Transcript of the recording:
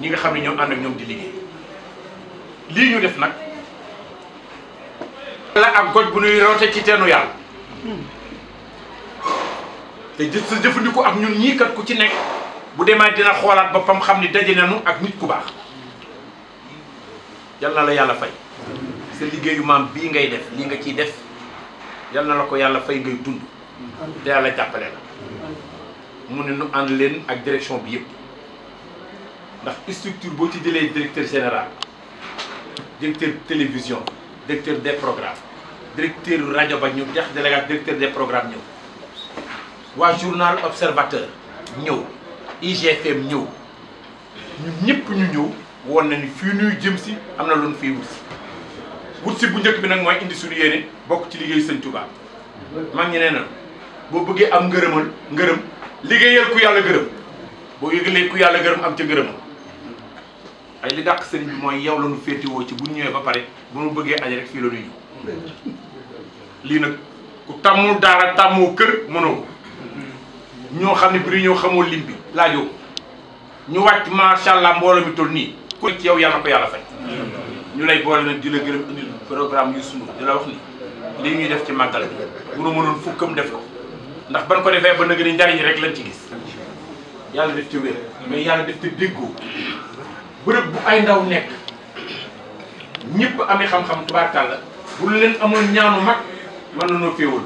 ñi nga xam ne ñoo ànd ak ñoom di liggéey lii ñu def nag la ak goj bu ñuy roote ci teenu yàlla te sa jëfandiku ak ñun ñii kat ku ci nekk bu demaa dina xoolaat boppam xam ni daje nañu ak nit ku baax yal na la yàlla fay sa liggéeyu maam bii ngay def lii nga ciy def yal na la ko yàlla fay ngay dund te yàlla jàppale la mu ne nu ànd leen ak direction bi yëpp ndax structure boo ci jëlee directeur général directeur télévision directeur des programmes directeur radio ba ñu jax délégat directeur des programmes ñëw waa journal observateur ñëw IGFM ñëw ñun ñëpp ñu ñëw woon nañu fii nuy jëm si am na loon fii wut si wut si bu njëkk bi nag mooy indi suñu yéene bokk ci liggéey sëñ Touba mag ñi na boo bëggee am ngërëmal ngërëm liggéeyal ku yàlla gërëm bo yëgalee ku yàlla gërëm am ca ngërëmal ay li dàq sëriñ bi mooy yow lanu ñu féetewoo ci bu ñu ñëwee ba pare bu ñu bëggee añ rek fii la lii nag ku tàmmul daara tàmmoo kër mënoo ñoo xam ne bi ñoo xamoo lim bi laajoo ñu wàcc macha allah mbooloo mi toll nii ku ci yow yàlla ko yàlla fay ñu lay boole nag di la gërëm indil yi yu sunu di la wax ni lii ñuy def ci màggal bi bu nu mënoon fukkam def ko ndax ban ko defee ba nag ni njariñ rek lañ ci gis yàlla def ci wér mais yàlla def te déggoo bërëb bu ay ndaw nekk ñëpp amee xam-xam tubaarkàlla bu leen amul ñaanu mag mën na noo féewal